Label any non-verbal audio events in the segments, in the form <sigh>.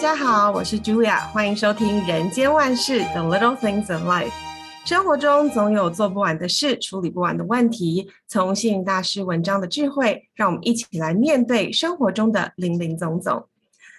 大家好，我是 Julia，歡迎收聽《人間萬事 The Little Things in Life》。生活中總有做不完的事，處理不完的問題。從星雲大師文章的智慧，讓我們一起來面對生活中的林林總總。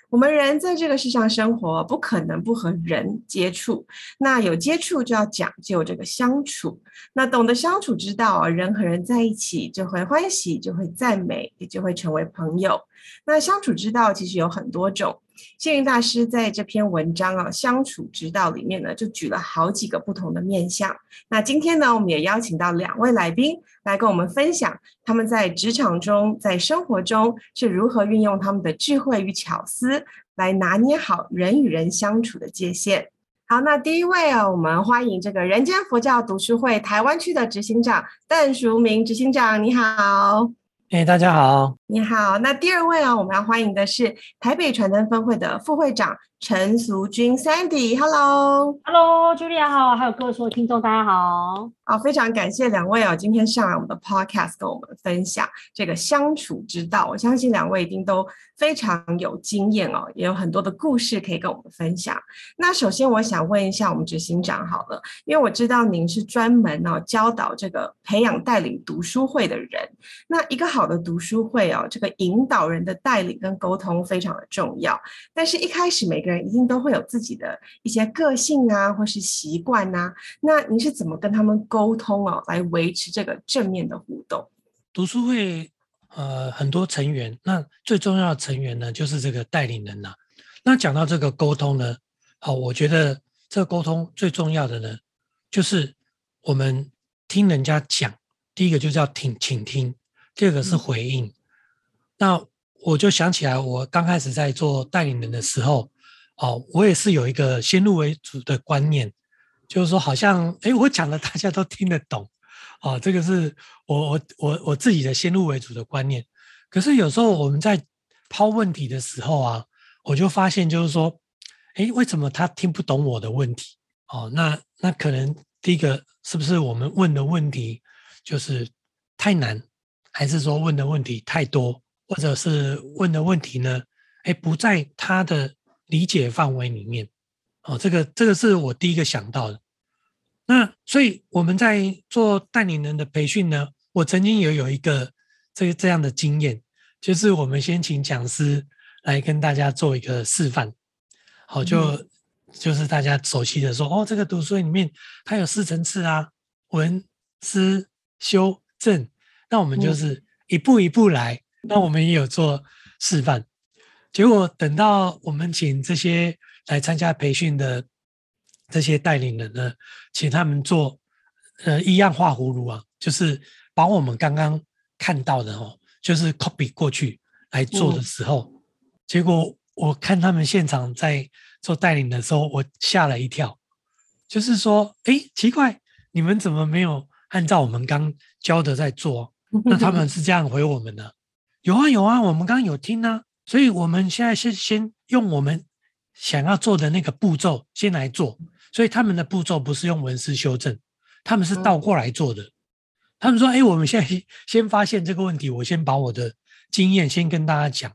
我們人在這個世上生活，不可能不和人接觸。那有接觸就要講究這個相處。那懂得相處之道，人和人在一起就會歡喜，就會讚美，也就會成為朋友。那相處之道其實有很多種。星雲大師在這篇文章啊《啊相處之道》裡面呢，就舉了好幾個不同的面向。那今天呢，我們也邀請到兩位來賓來跟我們分享，他們在職場中、在生活中是如何運用他們的智慧與巧思，來拿捏好人與人相處的界限。好，那第一位啊，我們歡迎這個人間佛教讀書會台灣區的執行長鄧淑明執行長，你好。哎、hey，大家好！你好，那第二位啊、哦，我們要歡迎的是台北傳燈分會的副會長陳淑君 Sandy，Hello，Hello，Julia 好，還有各位所有聽眾，大家好，好、哦，非常感謝兩位啊、哦，今天上來我們的 Podcast 跟我們分享這個相處之道，我相信兩位一定都。非常有經驗哦，也有很多的故事可以跟我們分享。那首先，我想問一下我們執行長好了，因為我知道您是專門哦教導這個培養帶領讀書會的人。那一個好的讀書會哦，這個引導人的帶領跟溝通非常的重要。但是，一開始每個人一定都會有自己的一些個性啊，或是習慣啊。那您是怎麼跟他們溝通哦、啊，來維持這個正面的互動？讀書會。呃，很多成員，那最重要的成員呢，就是這個帶領人吶、啊。那講到這個溝通呢，好、哦，我覺得這個溝通最重要的呢，就是我們聽人家講，第一個就是要聽傾聽，第二個是回應。嗯、那我就想起來，我剛開始在做帶領人的時候，哦，我也是有一個先入為主的觀念，就是說好像，誒，我講的大家都聽得懂。哦，這個是我我我我自己的先入為主的觀念。可是有時候我們在拋問題的時候啊，我就發現就是說，誒，為什麼他聽不懂我的問題？哦，那那可能第一個是不是我們問的問題就是太難，還是說問的問題太多，或者是問的問題呢？誒，不在他的理解範圍裡面。哦，這個這個是我第一個想到的。那所以我們在做帶領人的培訓呢，我曾經也有一個這這樣的經驗，就是我們先請講師來跟大家做一個示範，好就、嗯、就是大家熟悉的說哦，這個讀書會裡面它有四層次啊，聞、思、修、證，那我們就是一步一步來、嗯，那我們也有做示範，結果等到我們請這些來參加培訓的。這些帶領人呢，請他們做呃一樣畫葫蘆啊，就是把我們剛剛看到的哦，就是 copy 過去來做的時候，嗯、結果我看他們現場在做帶領的時候，我嚇了一跳，就是說，哎，奇怪，你們怎麼沒有按照我們剛教的在做？ <laughs> 那他們是這樣回我們的，有啊有啊，我們剛有聽啊，所以我們現在是先，先用我們想要做的那個步驟先來做。所以他們的步驟不是用文思修正，他們是倒過來做的。嗯、他們說：“哎、欸，我們現在先發現這個問題，我先把我的經驗先跟大家講。”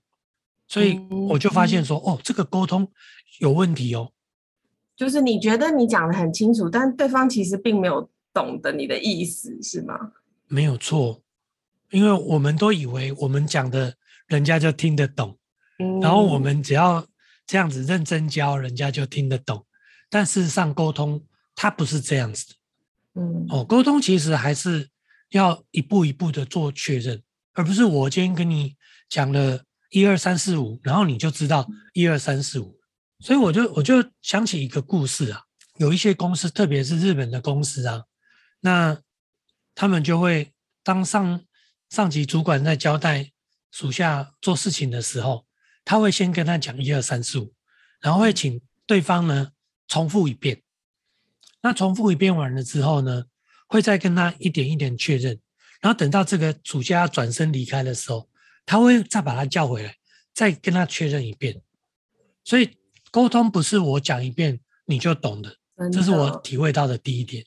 所以我就發現說：“嗯、哦，這個溝通有問題哦。”就是你覺得你講得很清楚，但對方其實並沒有懂得你的意思，是嗎？沒有錯，因為我們都以為我們講的，人家就聽得懂、嗯。然後我們只要這樣子認真教，人家就聽得懂。但事實上，溝通它不是這樣子的，嗯，哦，溝通其實還是要一步一步的做確認，而不是我今天跟你講了一二三四五，然後你就知道一二三四五。所以我就我就想起一個故事啊，有一些公司，特別是日本的公司啊，那他們就會當上上級主管在交代屬下做事情的時候，他會先跟他講一二三四五，然後會請對方呢。重複一遍，那重複一遍完了之後呢，會再跟他一點一點確認，然後等到這個主家轉身離開的時候，他會再把他叫回來，再跟他確認一遍。所以溝通不是我講一遍你就懂的，這是我體會到的第一點。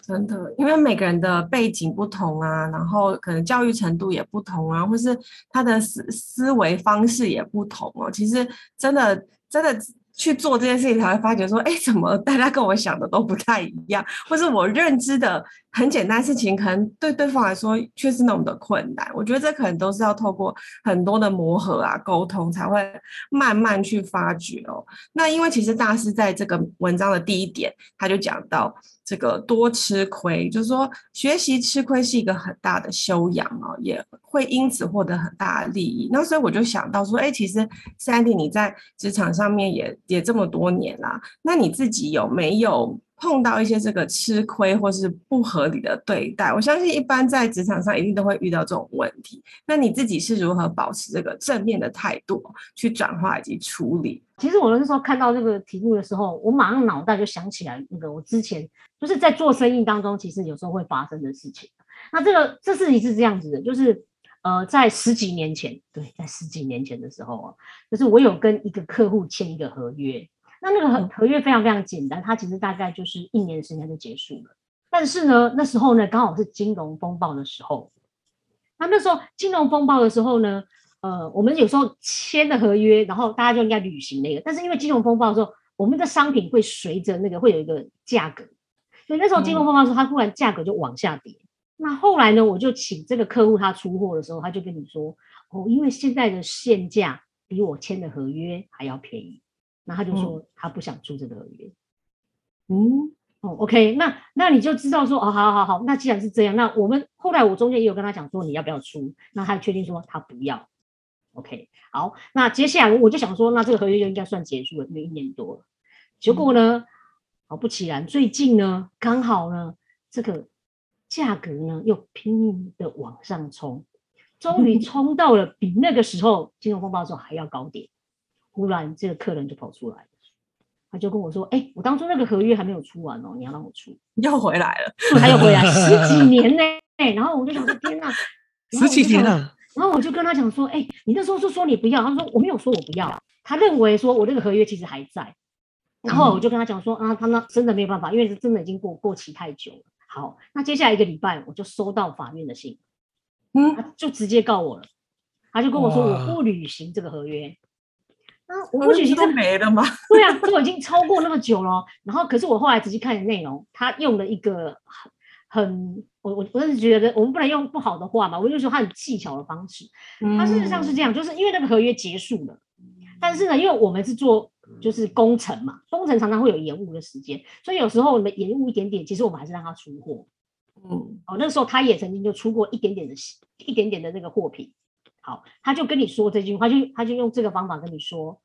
真的，因為每個人的背景不同啊，然後可能教育程度也不同啊，或是他的思思維方式也不同啊。其實真的真的。去做這件事情，才會發覺說，哎、欸，怎麼大家跟我想的都不太一樣，或是我認知的。很簡單事情，可能對對方來說卻是那麼的困難。我覺得這可能都是要透過很多的磨合啊、溝通，才會慢慢去發掘哦。那因為其實大師在這個文章的第一點，他就講到這個多吃虧，就是說學習吃虧是一個很大的修養哦，也會因此獲得很大的利益。那所以我就想到說，哎，其實 Sandy 你在職場上面也也這麼多年啦，那你自己有沒有？碰到一些這個吃虧或是不合理的對待，我相信一般在職場上一定都會遇到這種問題。那你自己是如何保持這個正面的態度去轉化以及處理？其實我那時候看到這個題目的時候，我馬上腦袋就想起來那個我之前就是在做生意當中，其實有時候會發生的事情。那這個這事情是這樣子的，就是呃，在十幾年前，對，在十幾年前的時候啊，就是我有跟一個客戶簽一個合約。那那個很合約非常非常簡單，它其實大概就是一年的時間就結束了。但是呢，那時候呢剛好是金融風暴的時候。那那時候金融風暴的時候呢，呃，我們有時候簽的合約，然後大家就應該履行那個。但是因為金融風暴的時候，我們的商品會隨着那個會有一個價格，所以那時候金融風暴的時候，它忽然價格就往下跌。那後來呢，我就請這個客戶他出貨的時候，他就跟你說：“哦，因為現在的現價比我簽的合約還要便宜。”那他就說他不想出這個合約，嗯，哦、嗯 oh,，OK，那那你就知道說哦，好好好，那既然是這樣，那我們後來我中間也有跟他講說你要不要出，那他確定說他不要，OK，好，那接下來我就想說那這個合約就應該算結束了，因為一年多了，結果呢，嗯、果不其然，最近呢剛好呢這個價格呢又拼命的往上衝，終於衝到了比那個時候金融風暴的時候還要高點。突然，這個客人就跑出來了，他就跟我說：“哎、欸，我當初那個合約還沒有出完哦、喔，你要讓我出，要回來了，還要回來 <laughs> 十幾年呢、欸。然啊”然後我就想說：“天哪，十幾年了、啊！”然後我就跟他講說：“哎、欸，你那時候是說你不要，他說我沒有說我不要，他認為說我這個合約其實還在。”然後我就跟他講說、嗯：“啊，他那真的沒有辦法，因為是真的已經過過期太久了。”好，那接下來一個禮拜，我就收到法院的信，嗯，他就直接告我了。他就跟我說：“我不履行這個合約。嗯”嗯啊、嗯，我不覺得都沒了嗎？對啊，都已經超過那麼久了。然後，可是我後來仔細看的內容，他用了一個很……我我我真是覺得，我們不能用不好的話吧，我就說他很技巧的方式，他、嗯、事實上是這樣，就是因為那個合約結束了。但是呢，因為我們是做就是工程嘛，工程常常會有延誤的時間，所以有時候我們延誤一點點，其實我們還是讓他出貨。嗯，哦、喔，那時候他也曾經就出過一點點的、一點點的那個貨品。他就跟你說這句話，他就他就用這個方法跟你說，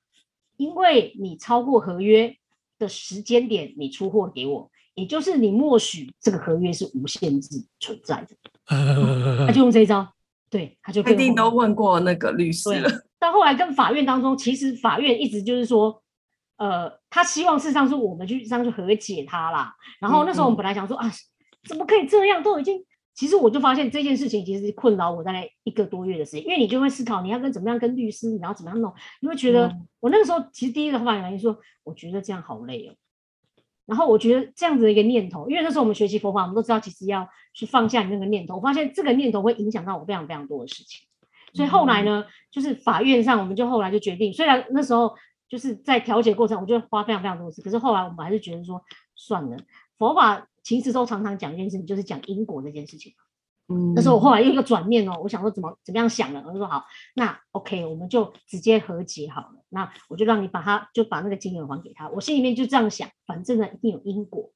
因為你超過合約的時間點，你出貨給我，也就是你默許這個合約是無限制存在的。 <laughs> <laughs> 他就用這一招，對，他就肯定都問過那個律師了。但後來跟法院當中，其實法院一直就是說，呃，他希望事實上是我們去上去和解他啦。然後那時候我們本來想說嗯嗯，啊，怎麼可以這樣，都已經。其實我就發現這件事情其實困擾我大概一個多月的時間，因為你就會思考你要跟怎麼樣跟律師，你要怎麼樣弄，你會覺得、嗯、我那個時候其實第一個反應就說，我覺得這樣好累哦。然後我覺得這樣子的一個念頭，因為那時候我們學習佛法，我們都知道其實要去放下你那個念頭，我發現這個念頭會影響到我非常非常多的事情。所以後來呢，嗯、就是法院上我們就後來就決定，雖然那時候。就是在調解過程，我就花非常非常多的時間，可是後來我們還是覺得說算了。佛法其實都常常講一件事情，就是講因果這件事情，嗯，但是我後來又有一個轉念哦，我想說怎麼怎麼樣想呢？我就說好，那 OK，我們就直接和解好了。那我就讓你把他就把那個金額還給他，我心裡面就這樣想，反正呢一定有因果，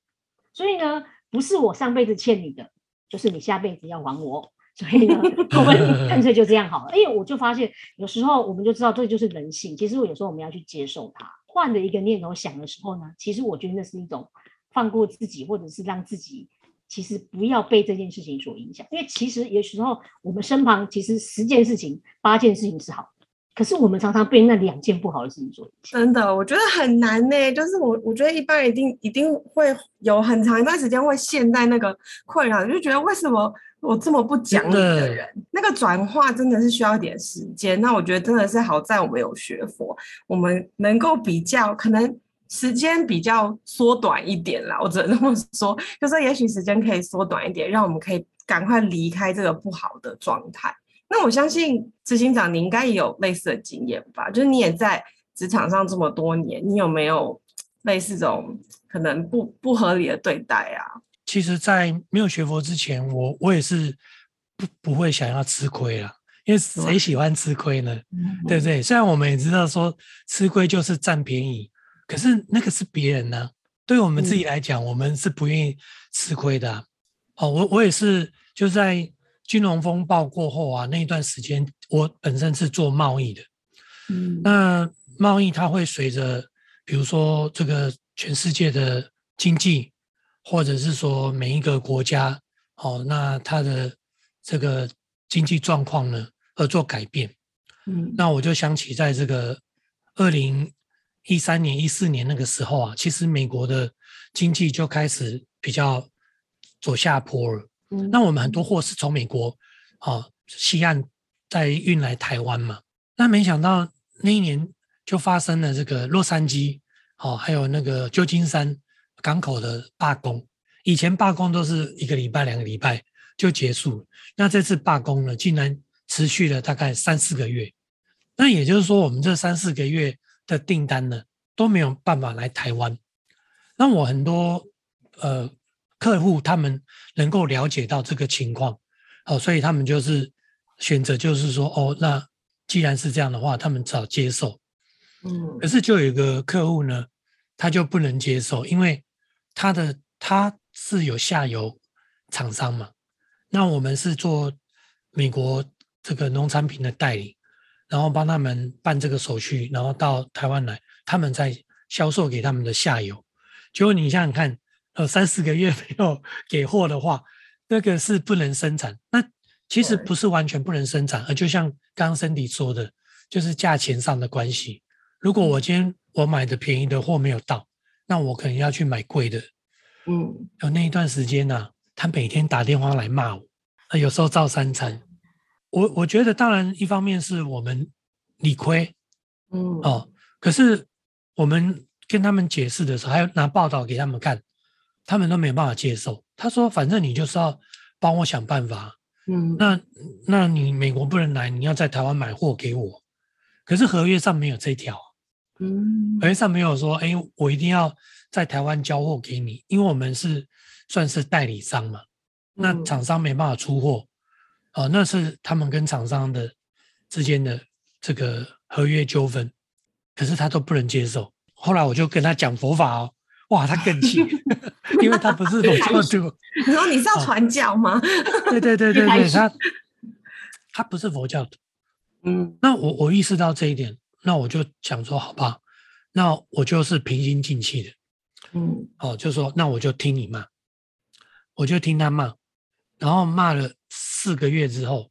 所以呢不是我上輩子欠你的，就是你下輩子要還我。所以呢，我們乾脆就這樣好了。因為我就發現，有時候我們就知道這就是人性。其實我有時候我們要去接受它。換了一個念頭想的時候呢，其實我覺得那是一種放過自己，或者是讓自己其實不要被這件事情所影響。因為其實有時候我們身旁其實十件事情八件事情是好的，可是我們常常被那兩件不好的事情所影響。真的，我覺得很難呢，欸。就是我，我覺得一般人一定一定會有很長一段時間會陷在那個困擾，就覺得為什麼？我這麼不講理的人，那個轉化真的是需要一點時間。那我覺得真的是好在我們有學佛，我們能夠比較，可能時間比較縮短一點啦。我只能這麼說，就是也許時間可以縮短一點，讓我們可以趕快離開這個不好的狀態。那我相信執行長，你應該也有類似的經驗吧？就是你也在職場上這麼多年，你有沒有類似這種可能不不合理的對待啊？其實，在沒有學佛之前，我我也是不不會想要吃虧了，因為誰喜歡吃虧呢、嗯？對不對？雖然我們也知道說吃虧就是占便宜，可是那個是別人呢、啊，對於我們自己來講、嗯，我們是不願意吃虧的、啊。哦，我我也是，就在金融風暴過後啊，那一段時間，我本身是做貿易的，嗯，那貿易它會隨着，比如說這個全世界的經濟。或者是說每一個國家，哦，那它的這個經濟狀況呢，而做改變。嗯，那我就想起，在這個二零一三年、一四年那個時候啊，其實美國的經濟就開始比較走下坡了。嗯。那我們很多貨是從美國，哦，西岸再運來台灣嘛。那沒想到那一年就發生了這個洛杉磯，哦，還有那個舊金山。港口的罷工，以前罷工都是一個禮拜、兩個禮拜就結束，那這次罷工呢，竟然持續了大概三四個月。那也就是說，我們這三四個月的訂單呢，都沒有辦法來台灣。那我很多呃客戶，他們能夠了解到這個情況，哦，所以他們就是選擇，就是說，哦，那既然是這樣的話，他們只好接受，可是就有一個客戶呢，他就不能接受，因為。他的他是有下游廠商嘛？那我們是做美國這個農產品的代理，然後幫他們辦這個手續，然後到台灣來，他們再銷售給他們的下游。結果你想想看，呃，三四個月沒有給貨的話，那個是不能生產。那其實不是完全不能生產，而就像剛剛森迪說的，就是價錢上的關係。如果我今天我買的便宜的貨沒有到。那我可能要去買貴的，嗯，有那一段時間呢、啊，他每天打電話來罵我，他有時候照三餐，我我覺得當然一方面是我們理虧，嗯哦，可是我們跟他們解釋的時候，還要拿報道給他們看，他們都沒有辦法接受。他說，反正你就是要幫我想辦法，嗯，那那你美國不能來，你要在台灣買貨給我，可是合約上沒有這條。嗯，合約上沒有說，哎、欸，我一定要在台灣交貨給你，因為我們是算是代理商嘛。嗯、那廠商沒辦法出貨，哦、呃，那是他們跟廠商的之間的這個合約糾紛，可是他都不能接受。後來我就跟他講佛法哦，哇，他更氣， <laughs> 因為他不是佛教徒。 <laughs> 你說你是要傳教嗎、啊？對對對對對，對，對， <laughs> 他他不是佛教徒。嗯。那我我意識到這一點。那我就想說，好吧，那我就是平心靜氣的，嗯，哦，就說，那我就聽你罵，我就聽他罵，然後罵了四個月之後，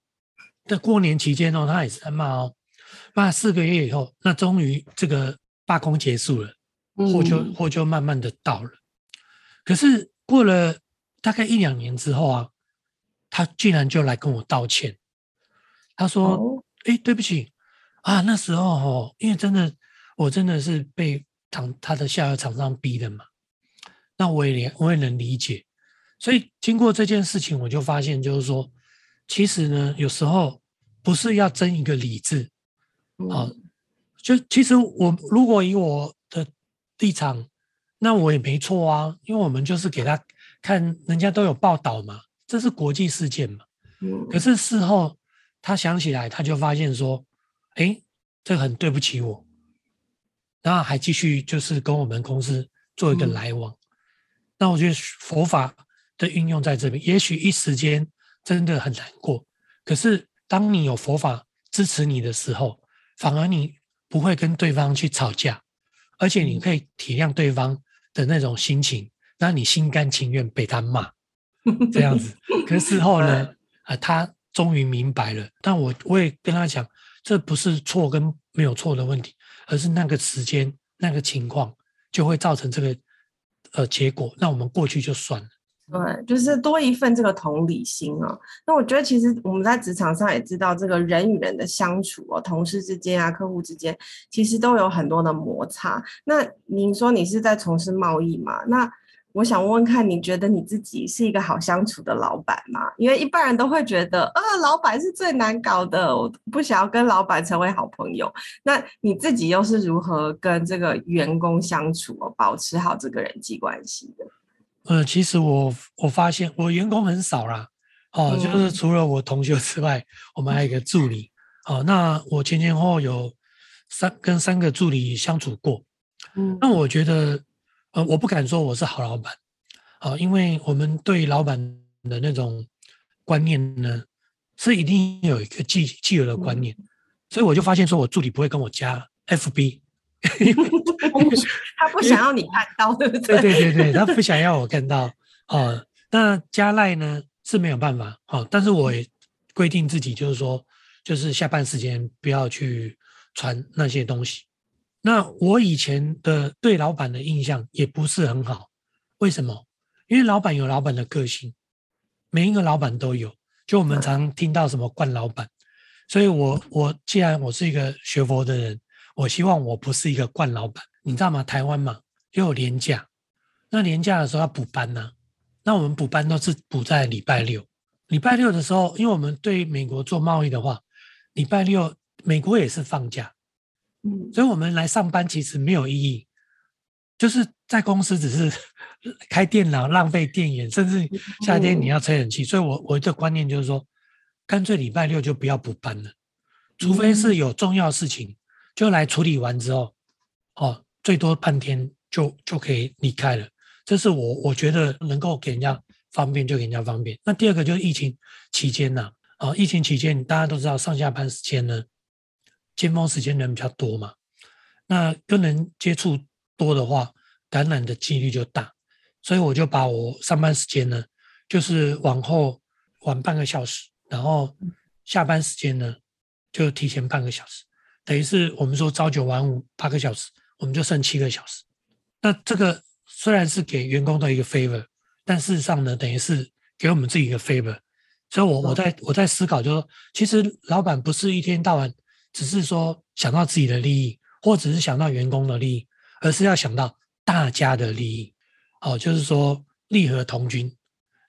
在過年期間哦，他也是在罵哦，罵了四個月以後，那終於這個罷工結束了，貨、嗯、就貨就慢慢的到了。可是過了大概一兩年之後啊，他竟然就來跟我道歉，他說：“哎、哦，對不起。”啊，那時候吼，因為真的，我真的是被躺，他的下游廠商逼的嘛。那我也連我也能理解，所以經過這件事情，我就發現，就是說，其實呢，有時候不是要爭一個理智。嗯、啊，就其實我如果以我的立場，那我也沒錯啊，因為我們就是給他看，人家都有報道嘛，這是國際事件嘛。嗯。可是事後他想起來，他就發現說。哎，這很對不起我，然後還繼續就是跟我們公司做一個來往、嗯。那我覺得佛法的運用在這邊，也許一時間真的很難過。可是當你有佛法支持你的時候，反而你不會跟對方去吵架，而且你可以體諒對方的那種心情，讓、嗯、你心甘情願被他罵這樣子。可是事後呢，啊、 <laughs> 呃，他終於明白了。但我我也跟他講。這不是錯跟沒有錯的問題，而是那個時間、那個情況就會造成這個呃結果。那我們過去就算了。對，就是多一份這個同理心啊、哦。那我覺得其實我們在職場上也知道，這個人與人的相處、哦、同事之間啊，客戶之間，其實都有很多的摩擦。那您說你是在從事貿易嗎？那我想問問看，你覺得你自己是一個好相處的老闆嗎？因為一般人都會覺得，啊、呃，老闆是最難搞的，我不想要跟老闆成為好朋友。那你自己又是如何跟這個員工相處、哦，保持好這個人際關係的？呃，其實我我發現我員工很少啦，哦、嗯，就是除了我同學之外，我們還有一個助理。嗯、哦，那我前前後後有三跟三個助理相處過，嗯，那我覺得。呃、我不敢說我是好老闆，啊、哦，因為我們對於老闆的那種觀念呢，是一定有一個既既有的觀念、嗯，所以我就發現說，我助理不會跟我加 FB，、嗯、 <laughs> 他不想要你看到，對對對對，他不想要我看到，啊、 <laughs> 呃，那加賴呢是沒有辦法，哦，但是我也規定自己就是說，就是下班時間不要去傳那些東西。那我以前的對老板的印象也不是很好，為什麼？因為老板有老板的個性，每一個老板都有。就我們常聽到什麼慣老板，所以我我既然我是一個學佛的人，我希望我不是一個慣老板，你知道嗎？台灣嘛，又有年假，那年假的時候要補班呢、啊，那我們補班都是補在禮拜六。禮拜六的時候，因為我們對美國做貿易的話，禮拜六美國也是放假。所以，我們來上班其實沒有意義，就是在公司只是開電腦浪費電源，甚至夏天你要吹冷氣。所以，我我的觀念就是說，乾脆禮拜六就不要補班了，除非是有重要事情就來處理完之後，哦，最多半天就就可以離開了。這是我我覺得能夠給人家方便就給人家方便。那第二個就是疫情期間呢，啊，啊，疫情期間大家都知道上下班時間呢。尖峰時間人比較多嘛，那跟人接觸多的話，感染的幾率就大，所以我就把我上班時間呢，就是往後晚半個小時，然後下班時間呢，就提前半個小時，等於是我們說朝九晚五，八個小時，我們就剩七個小時。那這個雖然是給員工的一個 favor，但事實上呢，等於是給我們自己一個 favor，所以我，我我在我在思考，就是，就說其實老板不是一天到晚，只是說想到自己的利益，或只是想到員工的利益，而是要想到大家的利益。哦，就是說利和同均，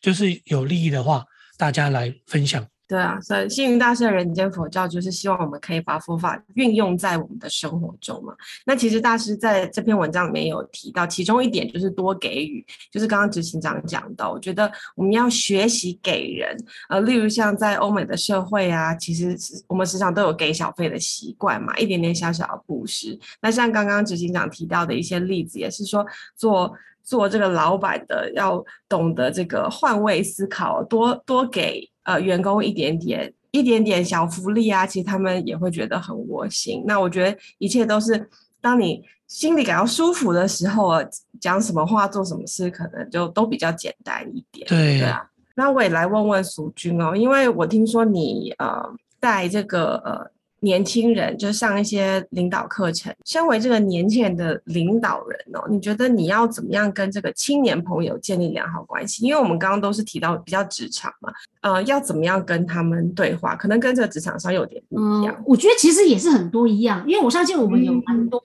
就是有利益的話，大家來分享。對啊，所以星雲大師的人間佛教就是希望我們可以把佛法運用在我們的生活中嘛。那其實大師在這篇文章裡面有提到，其中一點就是多給予，就是剛剛執行長講到，我覺得我們要學習給人。呃，例如像在歐美的社會啊，其實我們時常都有給小費的習慣嘛，一點點小小的布施。那像剛剛執行長提到的一些例子，也是說做做這個老闆的要懂得這個換位思考，多多給。呃，員工一點點、一點點小福利啊，其實他們也會覺得很窩心。那我覺得一切都是當你心裡感到舒服的時候啊，講什麼話、做什麼事，可能就都比較簡單一點。對啊。那我也來問問淑君哦，因為我聽說你呃，在這個呃。年輕人就上一些領導課程。身為這個年輕人的領導人哦，你覺得你要怎麼樣跟這個青年朋友建立良好關係？因為我們剛剛都是提到比較職場嘛，呃，要怎麼樣跟他們對話，可能跟這個職場上有點不一樣，嗯。我覺得其實也是很多一樣，因為我相信我們有蠻多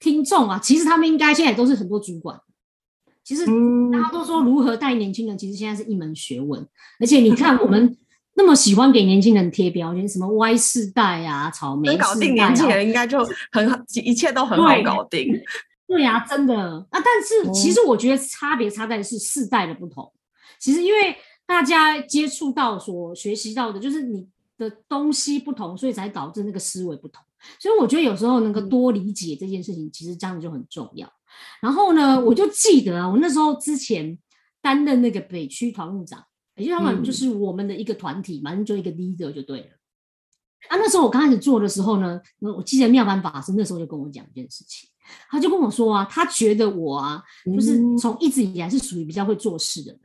聽眾啊、嗯，其實他們應該現在都是很多主管。其實大家都說如何帶年輕人，嗯，其實現在是一門學問，而且你看我們。 <laughs> 那麼喜歡給年輕人貼標籤，什麼 “Y 世代”啊、“草莓世代、啊、搞定年輕人應該就很好， <laughs> 一切都很好搞定。對,對啊，真的啊。但是、嗯、其實我覺得差別，差在是世代的不同。其實因為大家接觸到、所學習到的，就是你的東西不同，所以才導致那個思維不同。所以我覺得有時候能夠多理解這件事情、嗯，其實這樣就很重要。然後呢，我就記得、啊、我那時候之前擔任那個北區團務長。也就他們就是我們的一個團體，反、嗯、正就一個 leader 就對了。啊，那時候我剛開始做的時候呢，我記得妙凡法師那時候就跟我講一件事情，他就跟我說啊，他覺得我啊，就是從一直以來是屬於比較會做事的人，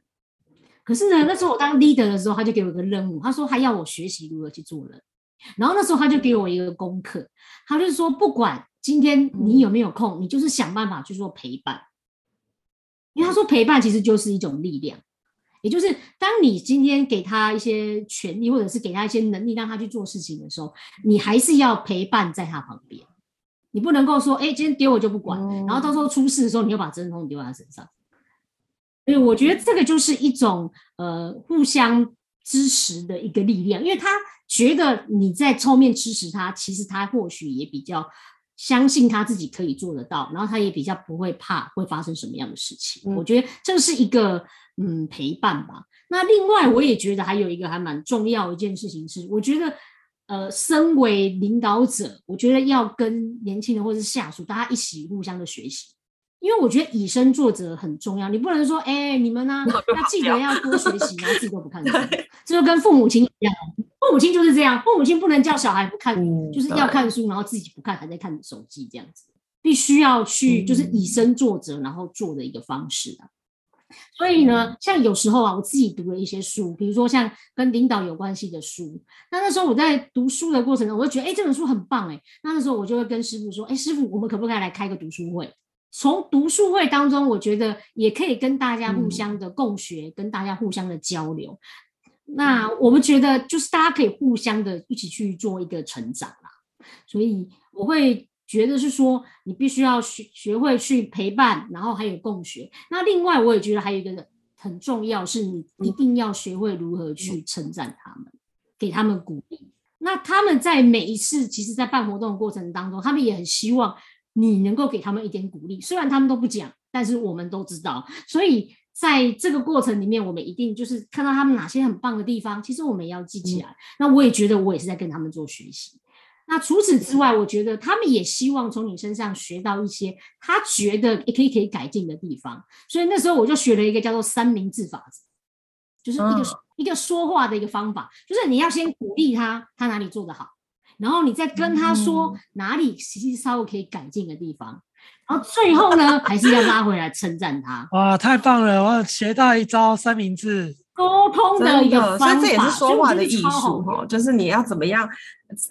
可是呢，那時候我當 leader 的時候，他就給我一個任務，他說他要我學習如何去做人。然後那時候他就給我一個功課，他就是說，不管今天你有沒有空、嗯，你就是想辦法去做陪伴，因為他說陪伴其實就是一種力量。也就是，當你今天給他一些權利，或者是給他一些能力，讓他去做事情的時候，你還是要陪伴在他旁邊。你不能夠說，哎，今天丟我就不管、哦，然後到時候出事的時候，你又把責任丟在他身上。所以，我覺得這個就是一種呃，互相支持的一個力量，因為他覺得你在後面支持他，其實他或許也比較。相信他自己可以做得到，然後他也比較不會怕會發生什麼樣的事情。嗯、我覺得這是一個嗯陪伴吧。那另外，我也覺得還有一個還蠻重要的一件事情是，嗯、我覺得呃，身為領導者，我覺得要跟年輕人或者是下屬，大家一起互相的學習。因為我覺得以身作則很重要，你不能說，哎、欸，你們呢、啊，要記得要多學習，然後自己都不看書，這 <laughs> 就跟父母親一樣，父母親就是這樣，父母親不能叫小孩不看，嗯、就是要看書，然後自己不看還在看手機這樣子，必須要去就是以身作則，然後做的一個方式、啊嗯、所以呢，像有時候啊，我自己讀了一些書，比如說像跟領導有關係的書，那那時候我在讀書的過程中，我就覺得，哎、欸，這本、個、書很棒、欸，哎，那那時候我就會跟師父說，哎、欸，師父，我們可不可以來開個讀書會？從讀書會當中，我覺得也可以跟大家互相的共學、嗯，跟大家互相的交流。那我們覺得就是大家可以互相的一起去做一個成長啦。所以我會覺得是說，你必須要學學會去陪伴，然後還有共學。那另外，我也覺得還有一個很重要，是你一定要學會如何去稱讚他們、嗯，給他們鼓勵。那他們在每一次，其實，在辦活動的過程當中，他們也很希望。你能夠給他們一點鼓勵，雖然他們都不講，但是我們都知道。所以在這個過程裡面，我們一定就是看到他們哪些很棒的地方，嗯、其實我們也要記起來、嗯。那我也覺得我也是在跟他們做學習。那除此之外，我覺得他們也希望從你身上學到一些他覺得也可以可以改進的地方。所以那時候我就學了一個叫做三明治法則，就是一個、嗯、一個說話的一個方法，就是你要先鼓勵他，他哪裡做得好。然後你再跟他說哪裡其實稍微可以改進的地方、嗯，然後最後呢 <laughs> 還是要拉回來稱讚他。哇，太棒了！我有學到一招三明治溝通的一個方法，真的，所以這也是說話的藝術哈，就是你要怎麼樣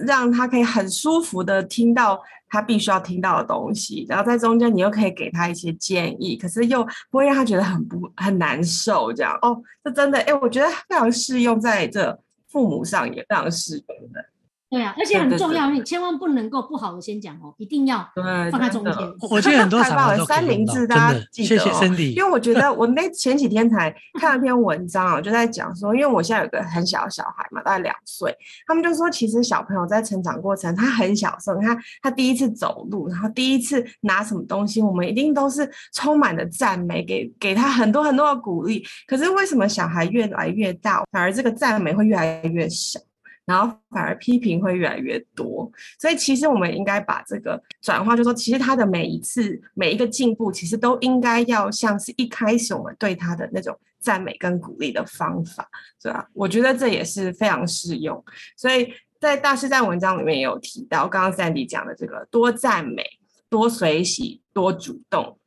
讓他可以很舒服的聽到他必須要聽到的東西，然後在中間你又可以給他一些建議，可是又不會讓他覺得很不很難受這樣。哦，這真的哎、欸，我覺得非常適用在這父母上也非常適用的。對啊，而且很重要，你千萬不能夠不好的先講哦，一定要放在中間。我覺得很多長三明治，大家記得哦，謝謝 Sandy。因為我覺得我那前幾天才看了篇文章哦，就在講說， <laughs> 因為我現在有個很小的小孩嘛，大概兩歲，他們就說其實小朋友在成長過程，他很小的時候，你看他第一次走路，然後第一次拿什麼東西，我們一定都是充滿了讚美，給給他很多很多的鼓勵。可是為什麼小孩越來越大，反而這個讚美會越來越小？然後反而批評會越來越多，所以其實我們應該把這個轉化就是，就說其實他的每一次每一個進步，其實都應該要像是一開始我們對他的那種讚美跟鼓勵的方法，對吧？我覺得這也是非常適用。所以在大師在文章裡面也有提到，剛剛 Sandy 講的這個多讚美、多隨喜、多主動。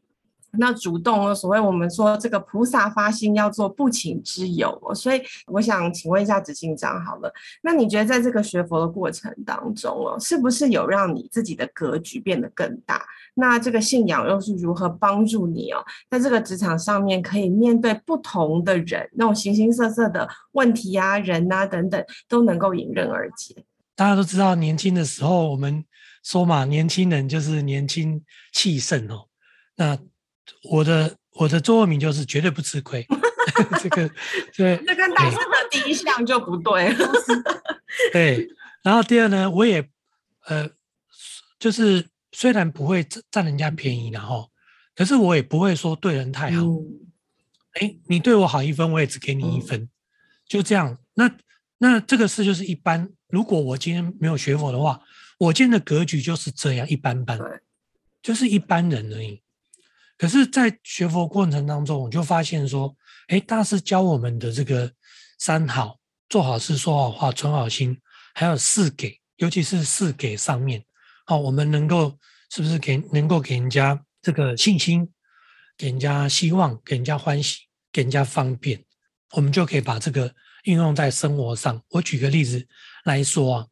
那主動哦，所謂我們說這個菩薩發心要做不請之友哦，所以我想請問一下執行長好了，那你覺得在這個學佛的過程當中哦，是不是有讓你自己的格局變得更大？那這個信仰又是如何幫助你哦，在這個職場上面可以面對不同的人，那種形形色色的問題啊、人啊等等，都能夠迎刃而解？大家都知道，年輕的時候我們說嘛，年輕人就是年輕氣盛哦，那。我的我的座右銘就是絕對不吃虧， <laughs> <laughs> 這個 <laughs> 對，這個男生的第一項就不對對，然後第二呢，我也呃，就是雖然不會占占人家便宜，然後，可是我也不會說對人太好。哎、嗯欸，你對我好一分，我也只給你一分，嗯、就這樣。那那這個事就是一般。如果我今天沒有學佛的話，我今天的格局就是這樣一般般，就是一般人而已。可是，在學佛過程當中，我就發現說，哎、欸，大師教我們的這個三好，做好事、說好話、存好心，還有四給，尤其是四給上面，好、哦，我們能夠是不是給能夠給人家這個信心，給人家希望，給人家歡喜，給人家方便，我們就可以把這個運用在生活上。我舉個例子來說啊，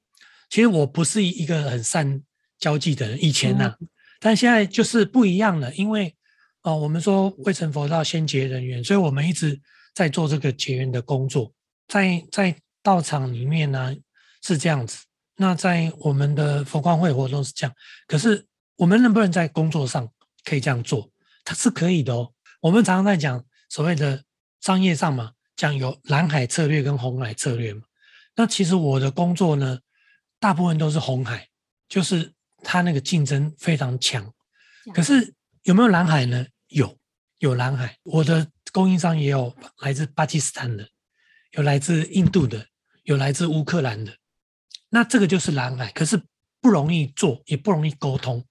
其實我不是一個很善交際的人，以前吶、啊嗯，但現在就是不一樣了，因為。哦，我們說未成佛道先結人緣，所以我們一直在做這個結緣的工作。在在道場裡面呢，啊，是這樣子，那在我們的佛光會活動是這樣。可是我們能不能在工作上可以這樣做？它是可以的哦。我們常常在講所謂的商業上嘛，講有藍海策略跟紅海策略嘛。那其實我的工作呢，大部分都是紅海，就是它那個競爭非常強。可是有沒有藍海呢？有藍海，我的供應商也有來自巴基斯坦的，有來自印度的，有來自烏克蘭的。那這個就是藍海，可是不容易做，也不容易溝通。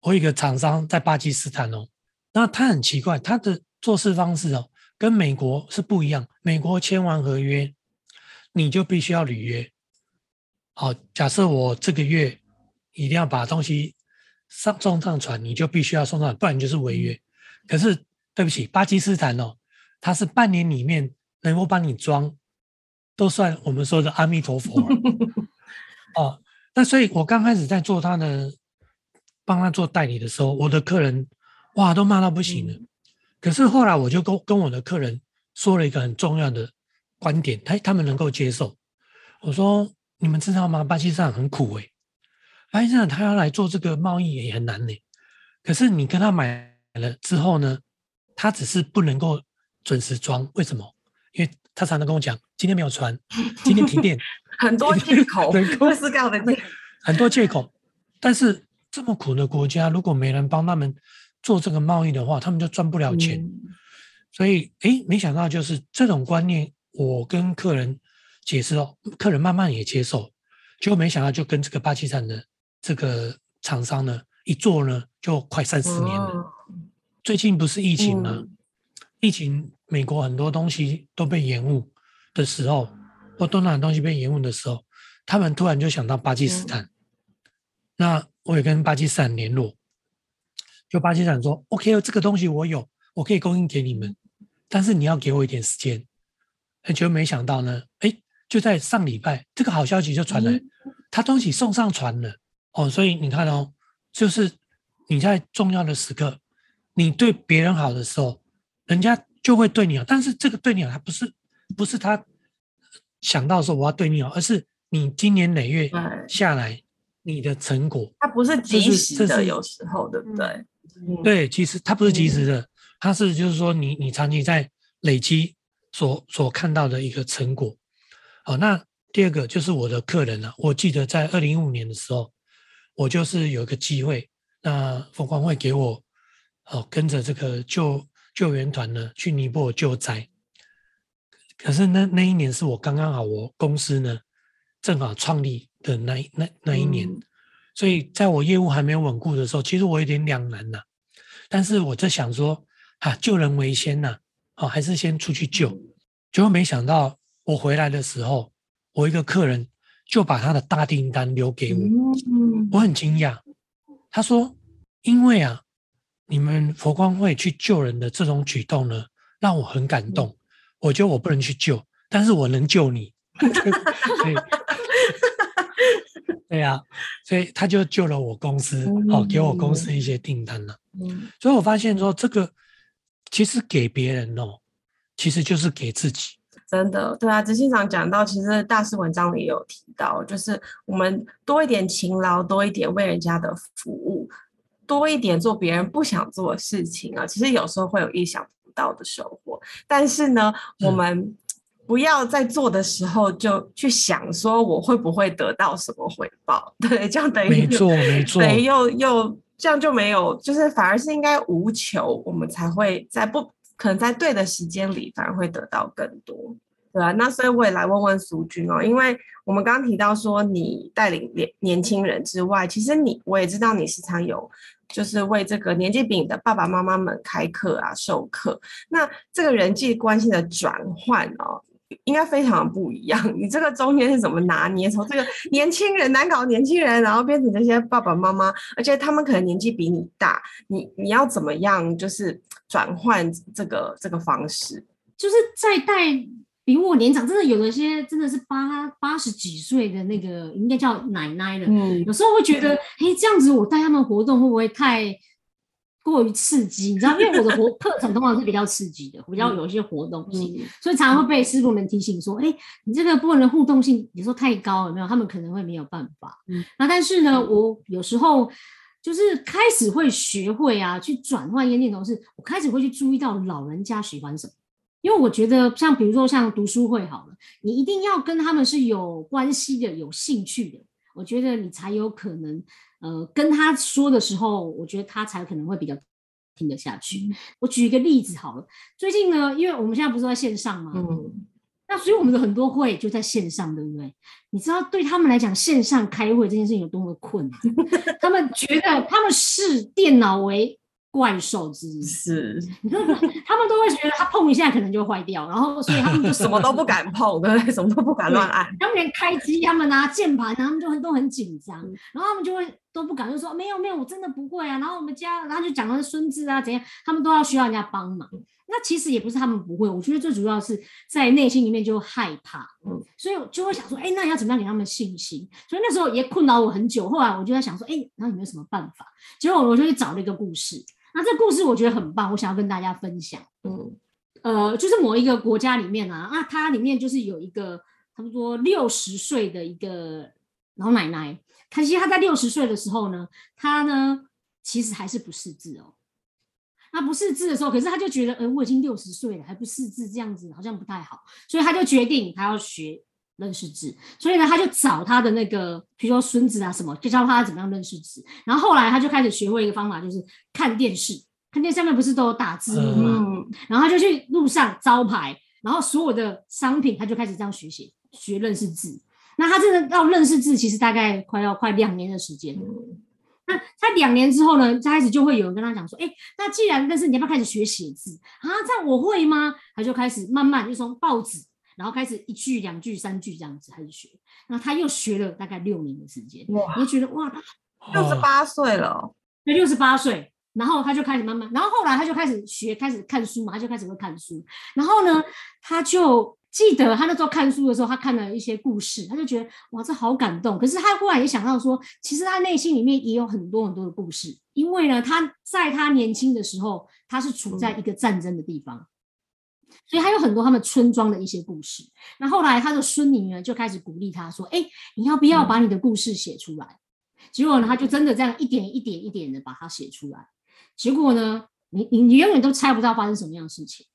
我有一個廠商在巴基斯坦哦，那他很奇怪，他的做事方式哦，跟美國是不一樣。美國簽完合約，你就必須要履約。好，哦，假設我這個月一定要把東西上送上船，你就必須要送上船，不然就是違約。可是對不起，巴基斯坦哦，他是半年裡面能夠幫你裝，都算我們說的阿彌陀佛哦、 <laughs> 啊，那所以，我剛開始在做他的幫他做代理的時候，我的客人哇都罵到不行了。嗯、可是後來，我就跟跟我的客人說了一個很重要的觀點，他他們能夠接受。我說，你們知道嗎？巴基斯坦很苦哎、欸，巴基斯坦他要來做這個貿易也很難呢、欸。可是你跟他買。之後呢，他只是不能夠準時裝，為什麼？因為他常常跟我講，今天沒有船，今天停電， <laughs> 很多借藉口，樣 <laughs> 的能夠 <laughs> 很多借口。但是這麼苦的國家，如果沒人幫他們做這個貿易的話，他們就賺不了錢。嗯、所以，哎、欸，沒想到就是這種觀念，我跟客人解釋哦，客人慢慢也接受，就沒想到就跟這個巴基斯坦的這個廠商呢，一做呢就快三十年了。最近不是疫情嗎、啊嗯？疫情，美國很多東西都被延誤的時候，或東南東西被延誤的時候，他們突然就想到巴基斯坦。嗯、那我也跟巴基斯坦聯絡，就巴基斯坦說、嗯、：“OK，這個東西我有，我可以供應給你們，但是你要給我一點時間。欸”結果沒想到呢，哎、欸，就在上禮拜，這個好消息就傳來，他、嗯、東西送上船了哦。所以你看哦，就是你在重要的時刻。你對別人好的時候，人家就會對你好。但是這個對你好，他不是不是他想到說我要對你好，而是你經年累月下來你的成果。他不是及時的，有時候對不對？對，其實他不是及時的，他、嗯、是就是說你你長期在累積所所看到的一個成果。好，那第二個就是我的客人了、啊。我記得在二零一五年的時候，我就是有一個機會，那佛光會給我。哦，跟着這個救救援團呢，去尼泊爾救災。可是那那一年是我剛剛好，我公司呢正好創立的那那那一年，所以在我業務還沒有穩固的時候，其實我有點兩難吶。但是我在想說，啊，救人為先吶，哦，還是先出去救。結果沒想到我回來的時候，我一個客人就把他的大訂單留給我，我很驚訝。他說，因為啊。你們佛光會去救人的這種舉動呢，讓我很感動。嗯、我覺得我不能去救，但是我能救你。 <laughs> 所以 <laughs> <laughs> 對啊，所以他就救了我公司，嗯、哦，給我公司一些訂單了、嗯。所以我發現說，這個其實給別人哦，其實就是給自己。真的，對啊，執行長講到，其實大師文章裡也有提到，就是我們多一點勤勞，多一點為人家的服務。多一點做別人不想做的事情啊，其實有時候會有意想不到的收穫。但是呢，是我們不要在做的時候就去想說我會不會得到什麼回報。對，這樣等於沒做，沒做。等於又又這樣就沒有，就是反而是應該無求，我們才會在不可能在對的時間裡反而會得到更多。對啊，那所以我也來問問淑君哦，因為我們剛剛提到說你帶領年年輕人之外，其實你我也知道你時常有就是為這個年紀比你的爸爸媽媽們開課啊授課。那這個人際關係的轉換哦，應該非常的不一樣。你這個中間是怎麼拿捏？從這個年輕人難搞年輕人，然後變成這些爸爸媽媽，而且他們可能年紀比你大，你你要怎麼樣就是轉換這個這個方式？就是在帶。比我年長，真的有了一些，真的是八八十幾歲的那個，應該叫奶奶了。嗯，有時候會覺得，誒，這樣子我帶他們活動會不會太過於刺激？ <laughs> 你知道，因為我的活課程通常是比較刺激的，嗯、比較有一些活動性，嗯，所以常常會被師父們提醒說，誒、嗯，欸，你這個部分的互動性有時候太高了，沒有？他們可能會沒有辦法。嗯，那但是呢，嗯、我有時候就是開始會學會啊，去轉換一些念頭，是我開始會去注意到老人家喜歡什麼。因為我覺得，像比如說像讀書會好了，你一定要跟他們是有關係的、有興趣的，我覺得你才有可能，呃，跟他說的時候，我覺得他才可能會比較聽得下去。我舉一個例子好了，最近呢，因為我們現在不是在線上嘛，嗯，那所以我們的很多會就在線上，對不對？你知道對他們來講，線上開會這件事情有多麼困難， <laughs> 他們覺得他們視電腦為。怪獸之是，是，是 <laughs> 他們都會覺得他碰一下可能就壞掉，然後所以他們就麼 <laughs> 什麼都不敢碰，對不對？什麼都不敢亂按，他們連開機，他們拿鍵盤，他們就很都很緊張，然後他們就會都不敢，就說沒有沒有，我真的不會啊。然後我們家，然後就講了孫子啊怎樣，他們都要需要人家幫忙、嗯。那其實也不是他們不會，我覺得最主要是在內心裡面就害怕、嗯，所以我就會想說，哎、欸，那你要怎麼樣給他們信心？所以那時候也困擾我很久。後來我就在想說，哎、欸，那你有沒有什麼辦法？結果我就去找了一個故事。那這故事我覺得很棒，我想要跟大家分享。嗯，呃，就是某一個國家裡面啊，啊，它裡面就是有一個差不多六十歲的一個老奶奶。可惜她在六十歲的時候呢，她呢其實還是不識字哦。那不識字的時候，可是她就覺得，呃，我已經六十歲了，還不識字，這樣子好像不太好，所以她就決定她要學。認識字，所以呢，他就找他的那個，比如說孫子啊什麼，就教他怎麼樣認識字。然後後來他就開始學會一個方法，就是看電視，看電視上面不是都有打字幕嘛？然後他就去路上招牌，然後所有的商品，他就開始這樣學寫、學認識字。那他真的要認識字，其實大概快要快兩年的時間。那他兩年之後呢，他開始就會有人跟他講說：“哎、欸，那既然但是你要不要開始學寫字啊？這樣我會嗎？”他就開始慢慢就從報紙。然後開始一句兩句三句這樣子開始學，然後他又學了大概六年的時間，哇，我覺得哇，他六十八歲了，對，六十八歲，然後他就開始慢慢，然後後來他就開始學，開始看書嘛，他就開始會看書，然後呢，他就記得他那時候看書的時候，他看了一些故事，他就覺得哇，這好感動。可是他忽然也想到說，其實他內心裡面也有很多很多的故事，因為呢，他在他年輕的時候，他是處在一個戰爭的地方。嗯所以他有很多他們村莊的一些故事。那後來他的孫女呢，就開始鼓勵他說：“哎，你要不要把你的故事寫出來？”結果呢，他就真的這樣一點一點一點的把它寫出來。結果呢，你你你永遠都猜不到發生什麼樣的事情。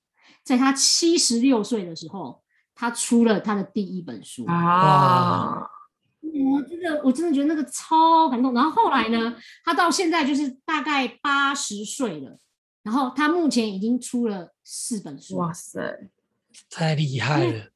在他七十六歲的時候，他出了他的第一本書啊！我真的我真的覺得那個超感動。然後後來呢，他到現在就是大概八十歲了。然後他目前已經出了四本書了，哇塞，太厲害了！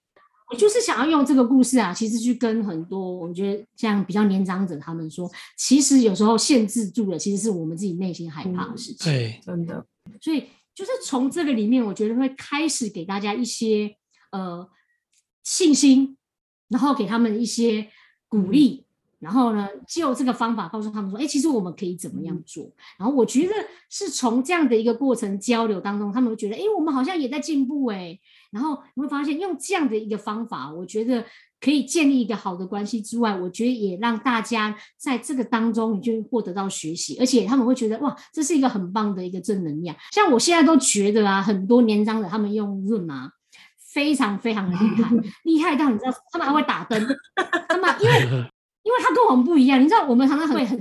我就是想要用這個故事啊，其實去跟很多我覺得像比較年長者他們說，其實有時候限制住了，其實是我們自己內心害怕的事情。嗯、對，真的。所以就是從這個裡面，我覺得會開始給大家一些呃信心，然後給他們一些鼓勵。嗯然後呢，就這個方法告訴他們說：“哎、欸，其實我們可以怎麼樣做？”然後我覺得是從這樣的一個過程交流當中，他們會覺得：“哎、欸，我們好像也在進步哎、欸。”然後你會發現，用這樣的一個方法，我覺得可以建立一個好的關係之外，我覺得也讓大家在這個當中你就會獲得到學習，而且他們會覺得哇，這是一個很棒的一個正能量。像我現在都覺得啊，很多年長者他們用潤媽，非常非常的厲害， <laughs> 厲害到你知道，他們還會打燈，他們因為。 <laughs> 因為他跟我們不一樣，你知道我們常常會很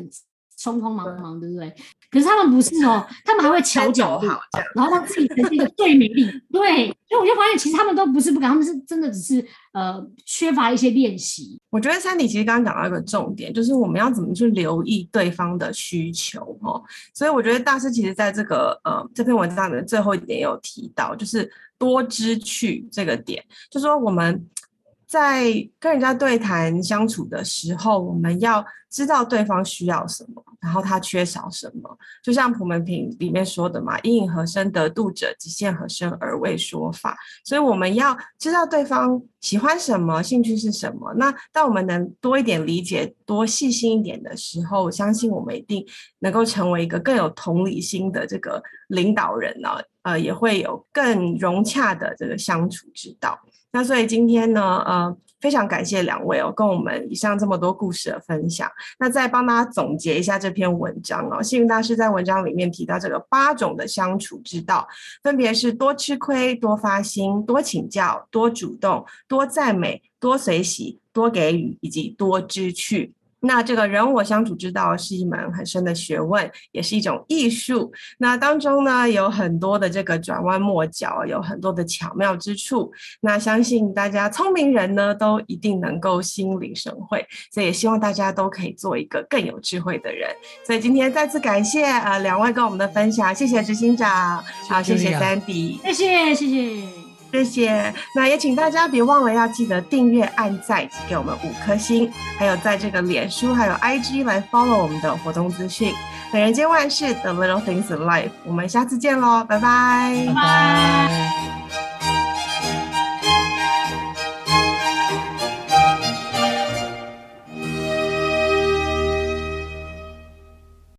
匆匆忙忙，對不對？可是他們不是哦，他們還會求救， <laughs> 然後他自己曾經個罪名對，所以我就發現，其實他們都不是不敢，他們是真的只是呃缺乏一些練習。我覺得三弟其實剛剛講到一個重點，就是我們要怎麼去留意對方的需求、哦、所以我覺得大師其實在這個呃這篇文章的最後一點有提到，就是多知趣這個點，就是說我們。在跟人家對談相處的時候，我們要知道對方需要什麼，然後他缺少什麼？就像普門品裡面說的嘛，“應以何身得度者，即現何身而為說法。”所以我們要知道對方喜歡什麼，興趣是什麼。那當我們能多一點理解，多細心一點的時候，我相信我們一定能夠成為一個更有同理心的這個領導人呢、啊。呃，也會有更融洽的這個相處之道。那，所以今天呢，呃，非常感謝兩位哦，跟我們以上這麼多故事的分享。那再幫大家總結一下這篇文章哦。星雲大師在文章裡面提到這個八種的相處之道，分別是多吃虧、多發心、多請教、多主動、多讚美、多隨喜、多給予以及多知趣。那這個人我相處之道是一門很深的學問，也是一種藝術。那當中呢，有很多的這個轉彎抹角，有很多的巧妙之處。那相信大家聰明人呢，都一定能夠心領神會，所以也希望大家都可以做一個更有智慧的人。所以今天再次感謝呃，兩位跟我們的分享，謝謝執行長，好，謝謝 Sandy，謝謝謝謝。謝謝，那也請大家別忘了要記得訂閱、按讚，給我們五顆星，還有在這個臉書還有 IG 來 follow 我們的活動資訊。人間萬事，The Little Things in Life，我們下次見嘍，拜拜。拜拜